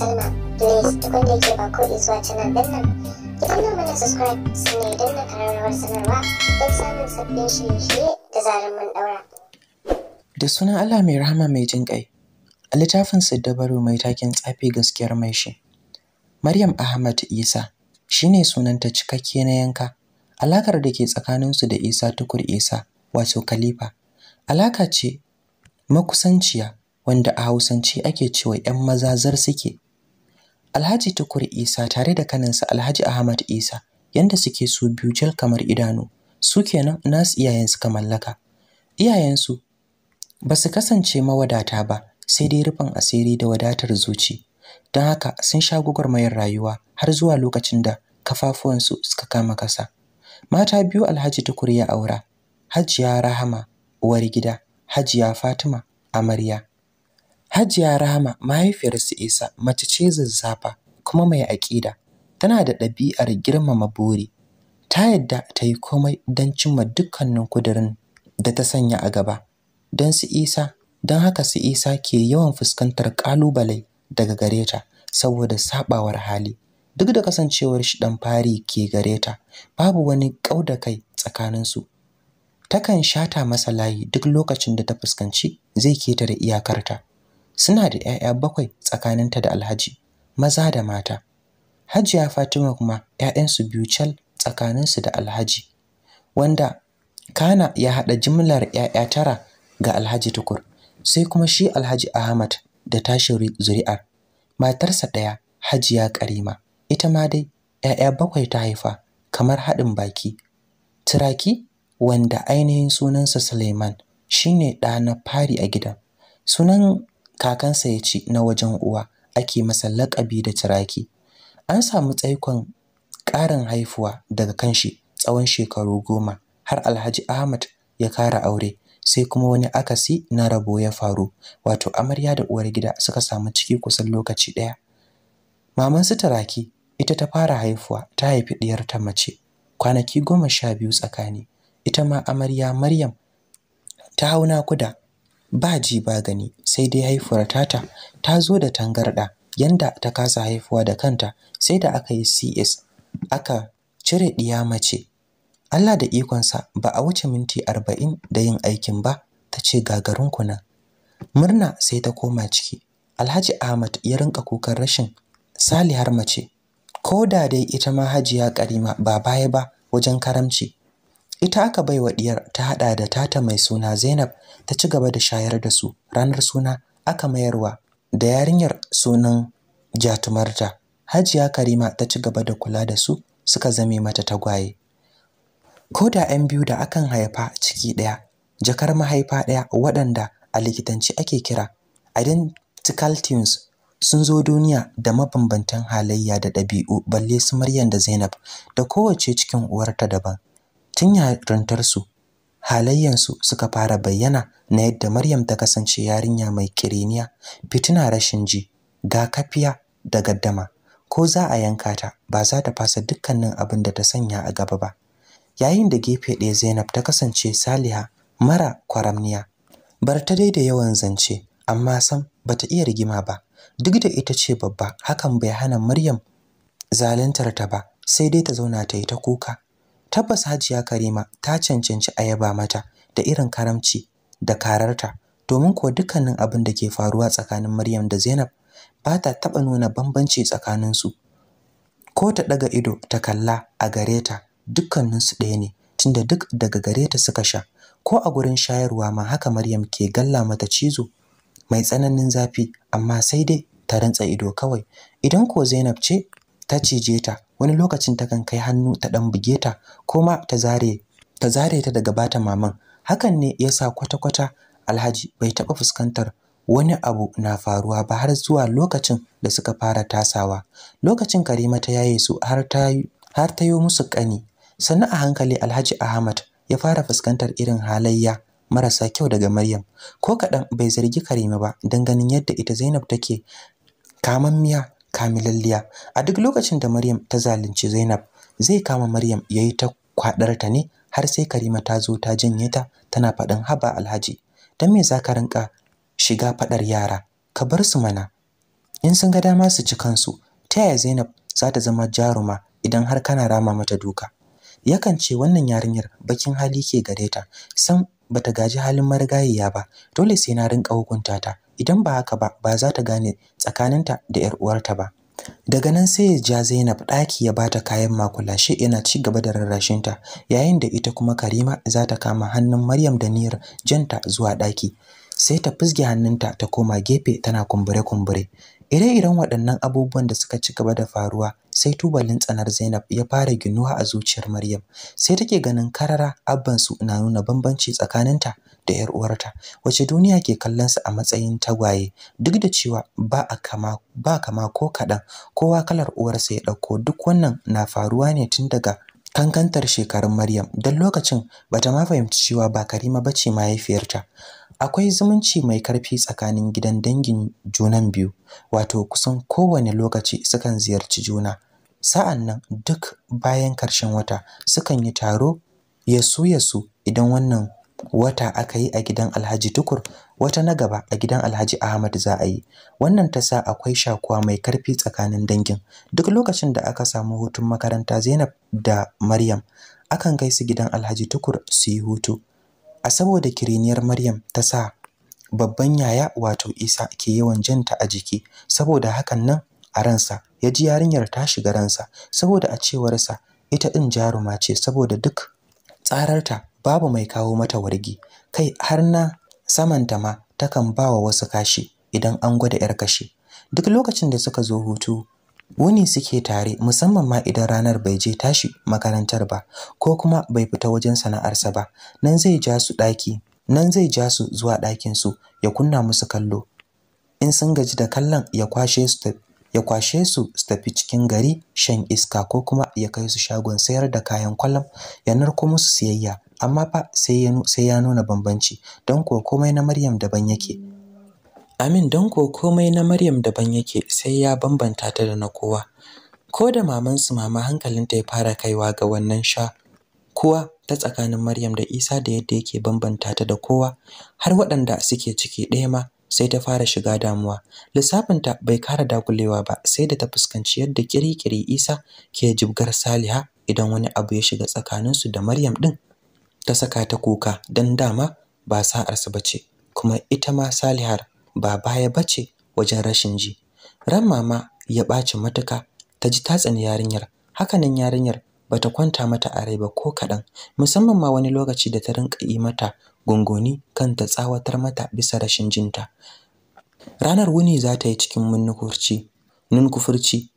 ba ko subscribe ya danna sanarwa don samun sabbin da sunan Allah mai rahama mai jin kai a littafin siddabaru mai takin tsafi gaskiyar mai shi Maryam Ahmad Isa shine sunanta cikakke na yanka alakar da ke tsakaninsu da Isa tukur Isa wato Khalifa alaka ce makusanciya wanda a Hausance ake cewa ‘yan maza zar suke Alhaji Tukur Isa tare da kaninsa Alhaji Ahmad Isa yanda suke su biyu jal kamar idanu su kenan nasu iyayensu ka mallaka iyayensu ba su kasance mawadata ba sai dai rufin asiri da wadatar zuci don haka sun sha gwagwarmayar rayuwa har zuwa lokacin da kafafuwansu suka kama kasa mata biyu alhaji tukur ya aura hajiya rahama uwar gida hajiya fatima amarya Hajiya Rahama mahaifiyar Isa mace ce zazzafa kuma mai aƙida. Tana da ɗabi'ar girmama buri. Ta yadda ta yi komai don cimma dukkanin kudirin da ta sanya a gaba. Don su Isa, don haka su Isa ke yawan fuskantar ƙalubale daga gare ta saboda saɓawar hali. Duk da kasancewar shi ɗan fari ke gare ta, babu wani ƙauda da kai tsakaninsu. Takan shata masa layi duk lokacin da ta fuskanci zai da iyakarta. suna da 'ya'ya bakwai tsakaninta da Alhaji maza da mata Hajiya Fatima kuma 'ya'yansu biyu cal tsakaninsu da Alhaji wanda Kana ya haɗa jimlar 'ya'ya tara ga Alhaji Tukur sai kuma shi Alhaji Ahmad da tashin zuri'ar matarsa ɗaya Hajiya Karima ita ma dai 'ya'ya bakwai ta haifa kamar haɗin baki Turaki wanda ainihin sunansa Suleiman shine ɗa na fari a gidan sunan kakansa ya ce na wajen uwa ake masa laƙabi da ciraki an samu tsaikon ƙarin haifuwa daga kanshi tsawon shekaru goma har alhaji ahmad ya kara aure sai kuma wani akasi na rabo ya faru wato amarya da uwar gida suka samu ciki kusan lokaci ɗaya maman su taraki ita ta fara haifuwa ta haifi ɗiyar ta mace kwanaki goma sha biyu tsakani ita ma amarya maryam ta hau kuda. ba ji ba gani sai dai haifuwar tata ta zo da tangarɗa yanda ta kasa haifuwa da kanta sai da aka yi cs aka cire ɗiya mace Allah da ikonsa ba a wuce minti arba'in da yin aikin ba ta ce gagarin nan. murna sai ta koma ciki Alhaji Ahmad ya rinka kukan rashin salihar mace ko da dai ita ma Hajiya Karima ba baya ba wajen karamci ita aka bai wa diyar ta haɗa da tata mai suna Zainab ta ci gaba da shayar da su ranar suna aka mayarwa da yarinyar sunan jatumarta Hajiya Karima ta ci gaba da kula da su suka zame mata tagwaye ko da 'yan biyu da akan haifa ciki ɗaya jakar mahaifa ɗaya waɗanda a likitanci ake kira identical twins sun zo duniya da mabambantan halayya da ɗabi'u balle su Maryam da Zainab da kowace cikin uwarta daban tun yarintarsu halayyansu suka fara bayyana na yadda Maryam ta kasance yarinya mai kiriniya, fitina rashin ji, ga kafiya da gaddama. Ko za a yanka ta, ba za ta fasa dukkanin abin da ta sanya a gaba ba. Yayin da gefe ɗaya Zainab ta kasance Saliha mara kwaramniya. Bar ta dai da yawan zance, amma sam bata iya rigima ba. Duk da ita ce babba, hakan bai hana Maryam zaluntar ta ba, sai dai ta zauna ta yi ta kuka tabbas hajiya karima ta cancanci ayaba mata da irin karamci da kararta domin kuwa dukkanin abin da ke faruwa tsakanin maryam da zainab ba ta taɓa nuna bambanci tsakaninsu ko ta ɗaga ido ta kalla a gare ta dukkaninsu ɗaya ne tunda duk daga gare ta suka sha ko a gurin shayarwa ma haka maryam ke galla mata cizo mai tsananin zafi amma sai dai ta rantsa ido kawai idan ko zainab ce ta cije ta wani lokacin takan kai hannu ta ɗan buge ta ko ma ta zare ta zare ta daga bata maman hakan ne yasa kwata-kwata alhaji bai taɓa fuskantar wani abu na faruwa ba har zuwa lokacin da suka fara tasawa lokacin karima ta yaye su har ta har yo musu kani sannan a hankali alhaji ahmad ya fara fuskantar irin halayya marasa kyau daga maryam ko kaɗan bai zargi karima ba don ganin yadda ita zainab take miya. kamilalliya a duk lokacin da Maryam ta zalunci Zainab zai kama Maryam yayi ta kwadar ta ne har sai Karima ta zo ta janye ta tana faɗin haba Alhaji dan me za ka rinka shiga faɗar yara ka bar su mana in sun ga dama su ci kansu ta yaya Zainab za ta zama jaruma idan har kana rama mata duka yakan ce wannan yarinyar bakin hali ke gare ta san bata gaji halin marigayiya ba dole sai na rinka hukunta ta idan ba haka ba ba za ta gane tsakaninta da ‘yar uwarta ba daga nan sai ya ja Zainab ɗaki ya bata kayan makulashe yana ci gaba da rarrashinta yayin da ita kuma Karima za ta kama hannun Maryam da niyar janta zuwa ɗaki sai ta fizge hannunta ta koma gefe tana kumbure-kumbure Ire-iren waɗannan abubuwan da suka ci gaba da faruwa sai tubalin tsanar Zainab ya fara ginuwa a zuciyar Maryam. Sai take ganin karara abbansu na nuna bambanci tsakaninta da ‘yar uwarta, wacce duniya ke kallon su a matsayin tagwaye, duk da cewa ba a kama ba kama ko kaɗan, kowa kalar uwarsa ya ɗauko. Duk wannan na faruwa ne tun daga kankantar shekarun Maryam, don lokacin bata ma fahimci cewa ba Karima bace mahaifiyarta. akwai zumunci mai karfi tsakanin gidan dangin junan biyu wato kusan kowane lokaci sukan ziyarci juna sa'an nan duk bayan karshen wata sukan yi taro ya yasu su, idan wannan wata aka yi a gidan Alhaji Tukur wata na gaba a gidan Alhaji Ahmad za a yi wannan ta sa akwai shakuwa mai karfi tsakanin dangin duk lokacin da aka samu hutun makaranta Zainab da Maryam akan kai su gidan Alhaji Tukur su yi hutu a saboda kiriniyar Maryam ta sa babban yaya wato Isa ke yawan janta a jiki saboda hakan nan a ransa ya ji yarinyar ta shiga ransa saboda a cewarsa ita din jaruma ce saboda duk tsararta babu mai kawo mata wargi kai har na saman ta ma takan bawa wasu kashi idan an gwada yar kashi duk lokacin da suka zo hutu wuni suke tare musamman ma idan ranar bai je tashi makarantar ba ko kuma bai fita wajen sana'arsa ba nan zai ja su ɗaki nan zai ja su zuwa ɗakin su ya kunna musu kallo in sun gaji da kallon ya kwashe su ya kwashe su su tafi cikin gari shan iska ko kuma ya kai su shagon sayar da kayan kwalam ya narko musu siyayya amma fa sai ya nuna bambanci don kuwa komai na Maryam daban yake Amin don ko komai na Maryam daban yake sai ya bambanta ta da na kowa. Ko da mamansu mama hankalinta ya fara kaiwa ga wannan sha kuwa ta tsakanin Maryam da Isa da yadda yake bambanta ta da kowa har waɗanda suke ciki ɗaya ma sai ta fara shiga damuwa. Lissafinta bai kara dakulewa ba sai da ta fuskanci yadda kirikiri Isa ke jibgar Saliha idan wani abu ya shiga tsakaninsu da Maryam ɗin. Ta saka ta kuka don dama ba sa'arsu ba ce kuma ita ma Salihar ba baya bace wajen rashin ji ran mama ya ɓaci matuka ta ji ta tsani yarinyar hakanan yarinyar bata kwanta mata a rai ba ko kaɗan musamman ma wani lokaci da ta rinka yi mata gungoni kan ta tsawatar mata bisa rashin jinta ranar wuni za ta yi cikin munnukurci nunkufurci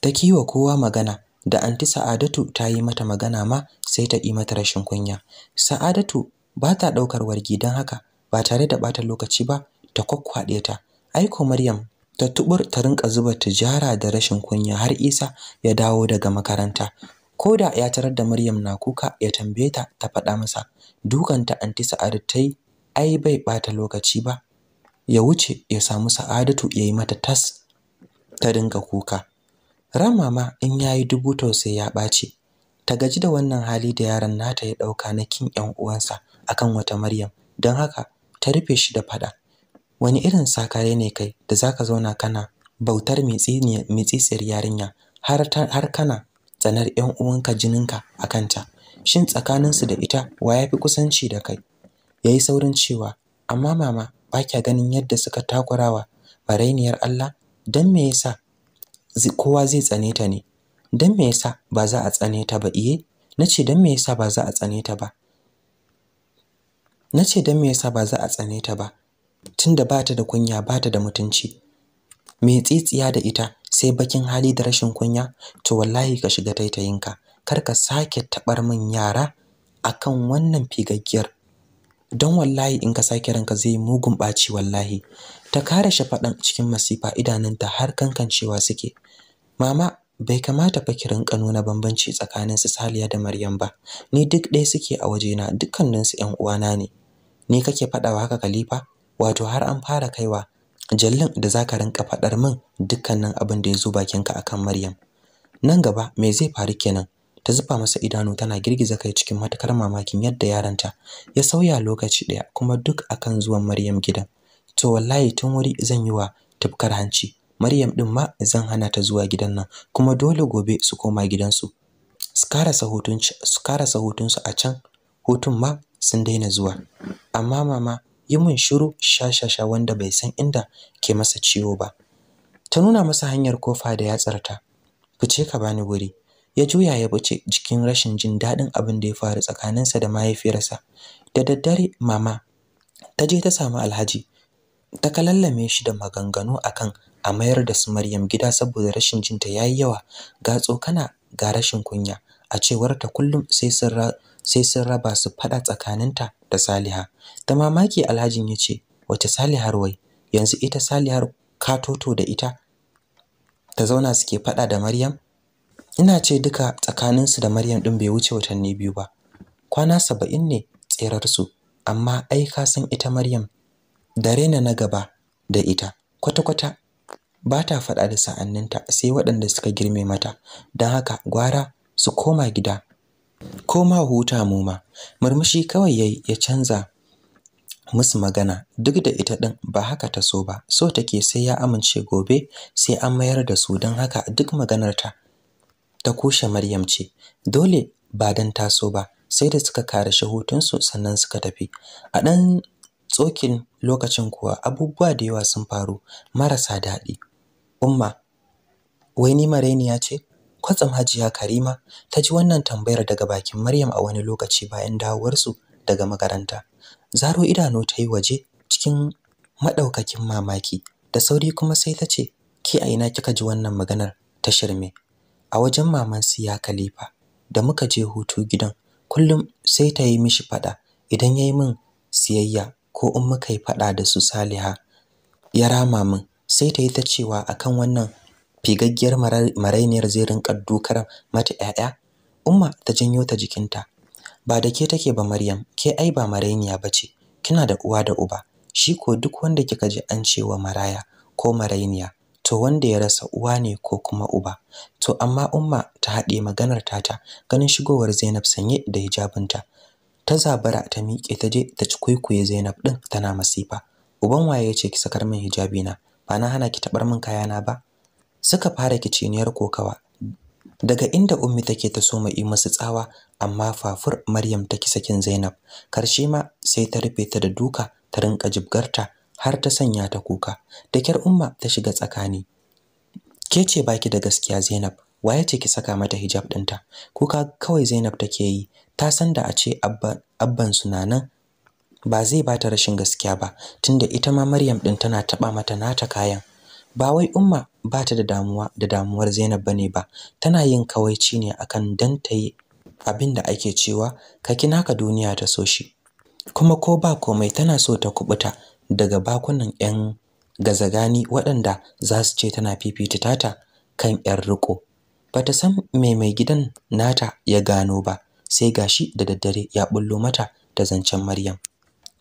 ta kiwa kowa magana da anti sa'adatu ta yi mata magana ma sai ta yi mata rashin kunya sa'adatu ba ta ɗaukar wargi don haka ba tare da ɓata lokaci ba ta kwakkwaɗe ta aiko Maryam ta tubur ta rinka zuba tijara da rashin kunya har Isa ya dawo daga makaranta koda ya tarar da Maryam na kuka ya tambaye ta ta faɗa masa dukanta anti Sa'adu tai ai bai bata lokaci ba ya wuce ya samu Sa'adatu yi mata tas ta dinga kuka Ramama in yayi dubu to sai ya ɓaci ta gaji da wannan hali da yaron nata ya ɗauka na kin ƴan uwansa akan wata Maryam don haka ta rufe shi da faɗa. wani irin sakare ne kai da zaka zauna kana bautar mitsisiyar yarinya har kana tsanar 'yan uwanka jininka a kanta shin tsakaninsu da ita wa ya fi kusanci da kai ya yi saurin cewa amma mama ba kya ganin yadda suka takurawa barainiyar Allah don me yasa kowa zai tsane ta ne don me yasa ba za a tsane ta ba iye na ce don me yasa ba za a tsane ta ba na ce don me yasa ba za a tsane ta ba tunda ba ta da kunya ba ta da mutunci me tsitsiya da ita sai bakin hali da rashin kunya to wallahi ka shiga taitayinka kar ka sake tabar min yara akan wannan figaggiyar don wallahi in ka sake ranka zai mugun baci wallahi ta kare shi faɗan cikin masifa idanunta har kankancewa suke mama bai kamata fa kirin kano bambanci tsakanin su Saliya da Maryam ba ni duk ɗaya suke a wajena dukkanin su ƴan uwana ne ni kake faɗawa haka Khalifa wato har an fara kaiwa jallin da za ka rinka faɗar min dukkanin abin da ya zo bakinka a kan Maryam nan gaba me zai faru kenan ta zuba masa idanu tana girgiza kai cikin matakar mamakin yadda yaranta ya sauya lokaci ɗaya, kuma duk akan zuwan Maryam gidan to wallahi tun wuri zan yi wa tufkar hanci Maryam din ma zan hana ta zuwa gidan nan kuma dole gobe su koma gidansu su karasa hutunsu a can hutun ma sun daina zuwa amma mama yi min shiru shashasha wanda bai san inda ke masa ciwo ba ta nuna masa hanyar kofa da yatsarta fice ka bani wuri ya juya ya buce jikin rashin jin daɗin abin da ya faru tsakaninsa da mahaifiyarsa da daddare mama ta je ta samu alhaji ta kalallame shi da maganganu akan a mayar da su Maryam gida saboda rashin jinta yayi yawa ga tsokana ga rashin kunya a cewar ta kullum sai sun sai sun raba su fada tsakaninta da Saliha. ta mamaki Alhajin ya ce, "Wace Salihar wai? Yanzu ita Salihar toto da ita ta zauna suke faɗa da Maryam?" Ina ce duka tsakaninsu da Maryam ɗin bai wuce watanni biyu ba. Kwana saba'in ne tserarsu, amma ai ka san ita Maryam da rena na gaba da ita kwata-kwata ba ta faɗa da sa'anninta sai waɗanda suka girme mata, don haka gwara su koma gida ko ma huta mu ma murmushi kawai yayi ya canza musu magana duk da ita din ba haka ta so ba so take sai ya amince gobe sai an mayar da su don haka duk maganar ta ta kushe Maryam ce dole ba dan ta so ba sai da suka kare su sannan suka tafi a dan tsokin lokacin kuwa abubuwa da yawa sun faru marasa daɗi umma wai ni mareniya ce Kwatsam Hajiya Karima ta ji wannan tambayar daga bakin Maryam a wani lokaci bayan dawowarsu daga makaranta. Zaro idanu ta yi waje cikin maɗaukakin mamaki, da sauri kuma sai ta ce, Ki a ina kika ji wannan maganar ta shirme? A wajen maman siya kalifa, da muka je hutu gidan, kullum sai ta yi mishi faɗa idan ya yi min siyayya ko in muka yi faɗa da su Saliha ya rama min sai ta yi ta cewa akan wannan figaggiyar marainiyar zai rinka dukar mata 'ya'ya umma ta janyo ta jikinta ba da ke take ba maryam ke ai ba marainiya ce. kina da uwa da uba shi ko duk wanda kika ji an cewa maraya ko marainiya to wanda ya rasa uwa ne ko kuma uba to amma umma ta haɗe maganar tata ganin shigowar Zainab sanye da hijabinta ta zabara ta miƙe ta je ta ci kwaikwaye Zainab ɗin tana masifa uban waye ya ce ki sakar min hijabina ba na hana ki taɓar min kayana ba suka fara kiciniyar kokawa daga inda ummi take ta so yi musu tsawa amma fafur Maryam ta kisa kin Zainab karshe ma sai ta rufe ta da duka ta rinka jibgarta har ta sanya ta kuka da kyar umma ta shiga tsakani ke ce baki da gaskiya Zainab waye ce ki saka mata hijab ɗinta kuka kawai Zainab take yi ta san da a ce abban su ba zai bata rashin gaskiya ba tunda ita ma Maryam din tana taba mata nata kayan ba wai umma ba ta da damuwa da damuwar Zainab bane ba tana yin kawaici ne akan dan ta yi abin da ake cewa ka kina ka duniya ta so shi kuma ko ba komai tana so ta kubuta daga bakunan 'yan gazagani waɗanda za su ce tana fifita tata kan 'yan riko ta san me mai gidan nata ya gano ba sai gashi da daddare ya bullo mata da zancen Maryam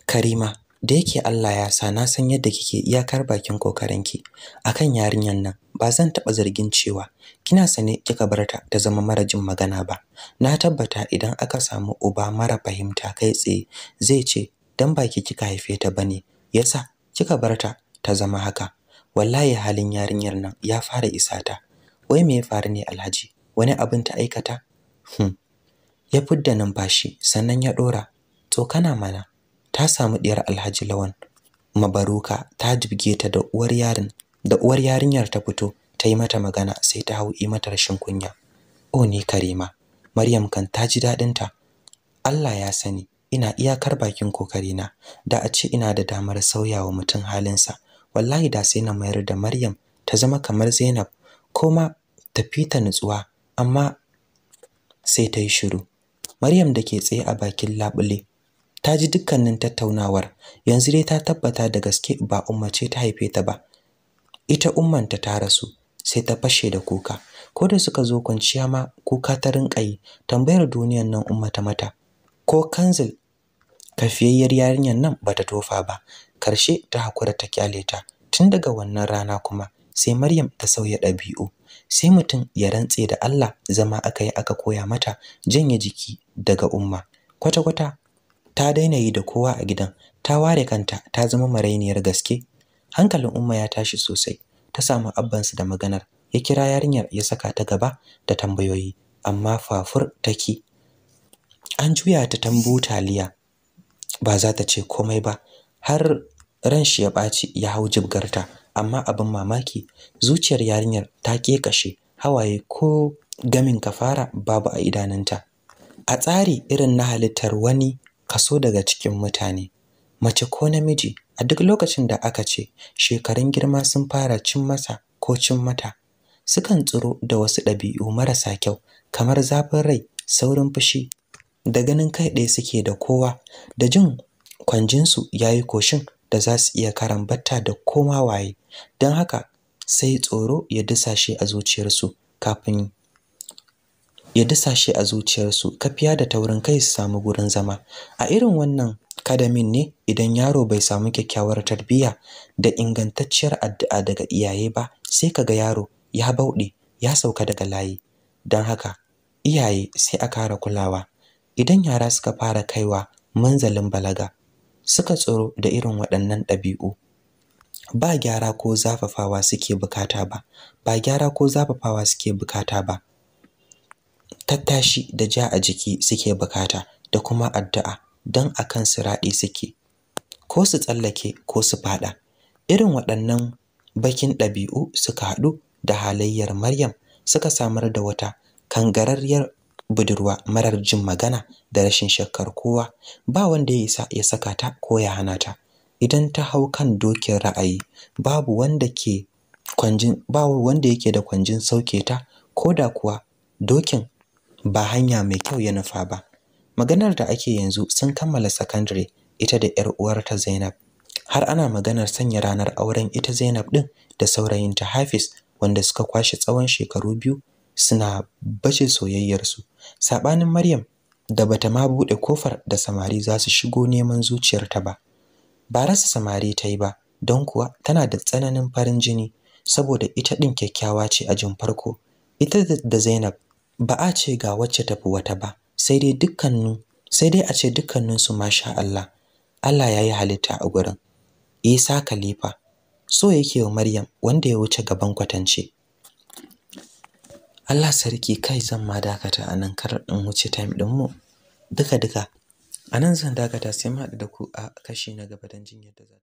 Karima da yake Allah ya sa na san yadda kike iyakar bakin kokarinki akan yarinyar nan ba zan taɓa zargin cewa kina sane kika barta ta zama mara jin magana ba na tabbata idan aka samu uba mara fahimta kai tsaye zai ce dan baki kika haife ta bane yasa kika barta ta zama haka wallahi halin yarinyar nan ya fara isata wai me ya faru ne Alhaji wani abin ta aikata hmm. ya fidda numfashi sannan ya ɗora. to kana mana ta samu ɗiyar Alhaji Lawan Mabaruka ta jibge ta da uwar yarin da uwar yarinyar ta fito ta yi mata magana sai ta hau mata rashin kunya o ni Karima Maryam kan ta ji daɗinta. Allah ya sani ina iyakar bakin kokarina da a ce ina da damar sauyawa mutum halinsa wallahi da sai na mayar da Maryam ta zama kamar Zainab koma tafi ta nutsuwa amma sai ta yi shiru Maryam da ke tsaye a bakin labule ta ji dukkanin tattaunawar yanzu dai ta tabbata da gaske ba umma ta haife ta ba ita ummanta ta rasu sai ta fashe da kuka ko da suka zo kwanciya ma kuka ta rinka yi tambayar duniyar nan umma ta mata ko kanzil kafiyayyar yarinyar nan ba ta tofa ba karshe ta hakura ta kyale ta tun daga wannan rana kuma sai Maryam ta sauya ɗabi'u sai mutum ya rantse da Allah zama aka yi aka koya mata janye jiki daga umma kwata-kwata ta daina yi da kowa a gidan ta ware kanta ta zama marainiyar gaske hankalin umma ya tashi sosai ta samu abbansu da maganar ya kira yarinyar ya saka ta gaba da tambayoyi amma fafur take an juya ta tambo taliya ba za ta ce komai ba har ran shi ya ɓaci ya hau jibgarta amma abin mamaki zuciyar yarinyar ta kashe hawaye ko gamin kafara babu a idanunta a tsari irin na halittar wani kaso daga cikin mutane mace ko namiji a duk lokacin da aka ce shekarun girma sun fara cin masa ko cin mata sukan tsoro da wasu ɗabi'u marasa kyau kamar zafin rai saurin fushi da ganin kai ɗaya suke da kowa da jin kwanjinsu ya yi koshin da za su iya karambata da koma waye don haka sai tsoro ya dusashe a zuciyarsu kafin ya dasa shi a zuciyarsu kafiya da taurin kai su samu gurin zama a irin wannan kadamin ne idan yaro bai samu kyakkyawar tarbiyya da ingantacciyar addu'a daga iyaye ba sai kaga yaro ya bauɗe ya sauka daga layi don haka iyaye sai a kara kulawa idan yara suka fara kaiwa manzalin balaga suka tsoro da irin waɗannan ɗabi'u ba gyara ko zafafawa suke bukata ba ba gyara ko zafafawa suke bukata ba tattashi da ja a jiki suke bukata da kuma addu'a don a akan raɗe suke ko su tsallake ko su faɗa. irin waɗannan bakin ɗabi'u suka haɗu da halayyar Maryam suka samar da wata kangararriyar budurwa marar jin magana da rashin shakkar kowa ba wanda ya isa ya saka ta ko ya hana ta idan ta hau kan dokin ra'ayi babu wanda ke kwanjin babu wanda yake da kwanjin sauke ta ko da kuwa dokin ba hanya mai kyau ya nufa ba maganar da ake yanzu sun kammala sakandare ita da yar uwarta Zainab har ana maganar sanya ranar auren ita Zainab ɗin da saurayinta Hafiz wanda suka kwashe tsawon shekaru biyu suna bace soyayyarsu Saɓanin Maryam da bata ma buɗe kofar da samari za su shigo neman zuciyarta ba ba rasa samari ta yi ba don kuwa tana da tsananin farin jini saboda ita ɗin kyakkyawa ce a jin farko ita da Zainab ba a ce ga wacce tafi wata ba sai dai dukkanin sai dai a ce dukkaninsu masha Allah Allah ya yi halitta a gurin Isa Khalifa so yake wa Maryam wanda ya wuce gaban kwatance Allah sarki kai zan ma dakata a nan kar in wuce time din mu duka duka a nan zan dakata sai mu haɗu da ku a kashi na gaba don jin yadda za